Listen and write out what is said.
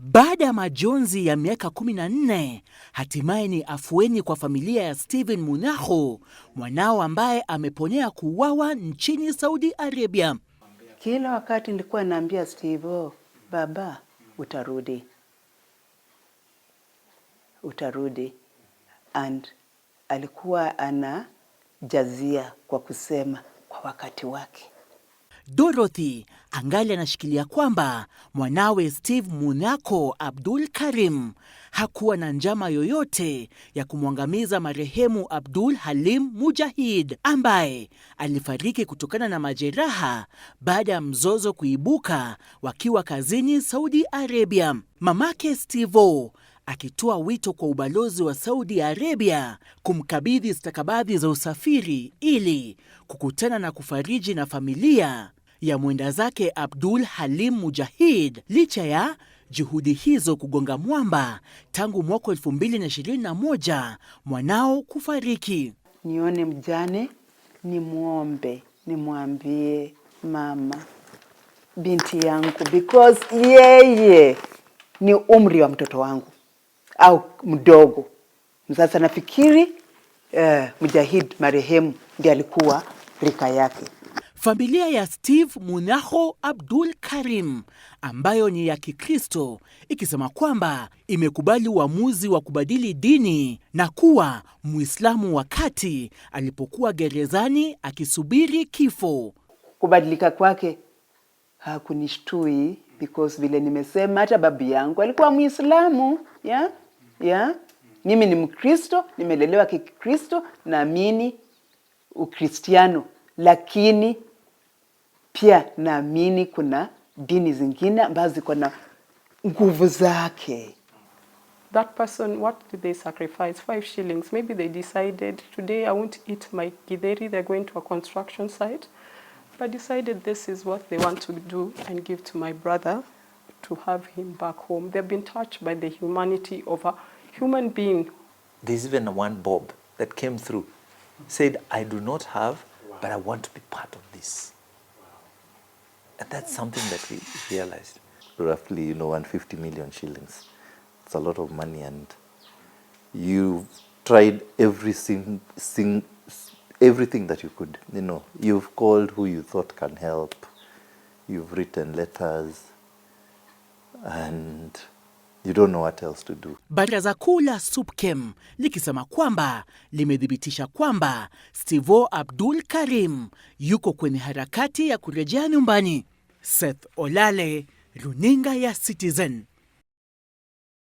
Baada ya majonzi ya miaka 14 hatimaye ni afueni kwa familia ya Steven Munaho, mwanao ambaye ameponea kuuawa nchini Saudi Arabia. Kila wakati nilikuwa naambia Steve, oh, baba, utarudi, utarudi, and alikuwa anajazia kwa kusema kwa wakati wake. Dorothy angali anashikilia kwamba mwanawe Steve Munako Abdul Karim hakuwa na njama yoyote ya kumwangamiza marehemu Abdul Halim Mujahid ambaye alifariki kutokana na majeraha baada ya mzozo kuibuka wakiwa kazini Saudi Arabia. Mamake Steve akitoa wito kwa ubalozi wa Saudi Arabia kumkabidhi stakabadhi za usafiri ili kukutana na kufariji na familia ya mwenda zake Abdul Halim Mujahid licha ya juhudi hizo kugonga mwamba tangu mwaka 2021 mwanao kufariki. Nione mjane, nimwombe, nimwambie mama, binti yangu, because yeye ni umri wa mtoto wangu, au mdogo. Sasa nafikiri uh, Mujahid marehemu ndiye alikuwa rika yake. Familia ya Steve Munaho Abdul Karim ambayo ni ya Kikristo ikisema kwamba imekubali uamuzi wa kubadili dini na kuwa Muislamu wakati alipokuwa gerezani akisubiri kifo. Kubadilika kwake hakunishtui because vile nimesema hata babu yangu alikuwa Muislamu, yeah? ya mimi ni Mkristo, nimelelewa Kikristo, naamini Ukristiano, lakini pia naamini kuna dini zingine ambazo ziko na nguvu zake. That person what did they sacrifice? Five shillings. Maybe they decided today I won't eat my githeri, they're going to a construction site. But decided this is what they want to do and give to my brother to have him back home. They've been touched by the humanity of a human being. There's even one Bob that came through, said, I do not have, but I want to be part of this. And that's something that we realized. Roughly, you know, 150 million shillings. It's a lot of money, and you've tried every sing, everything that you could. You know, you've called who you thought can help. You've written letters, and You don't know what else to do. Baraza Kuu la SUPKEM likisema kwamba limethibitisha kwamba stivo Abdul Karim yuko kwenye harakati ya kurejea nyumbani. Seth Olale, Runinga ya Citizen.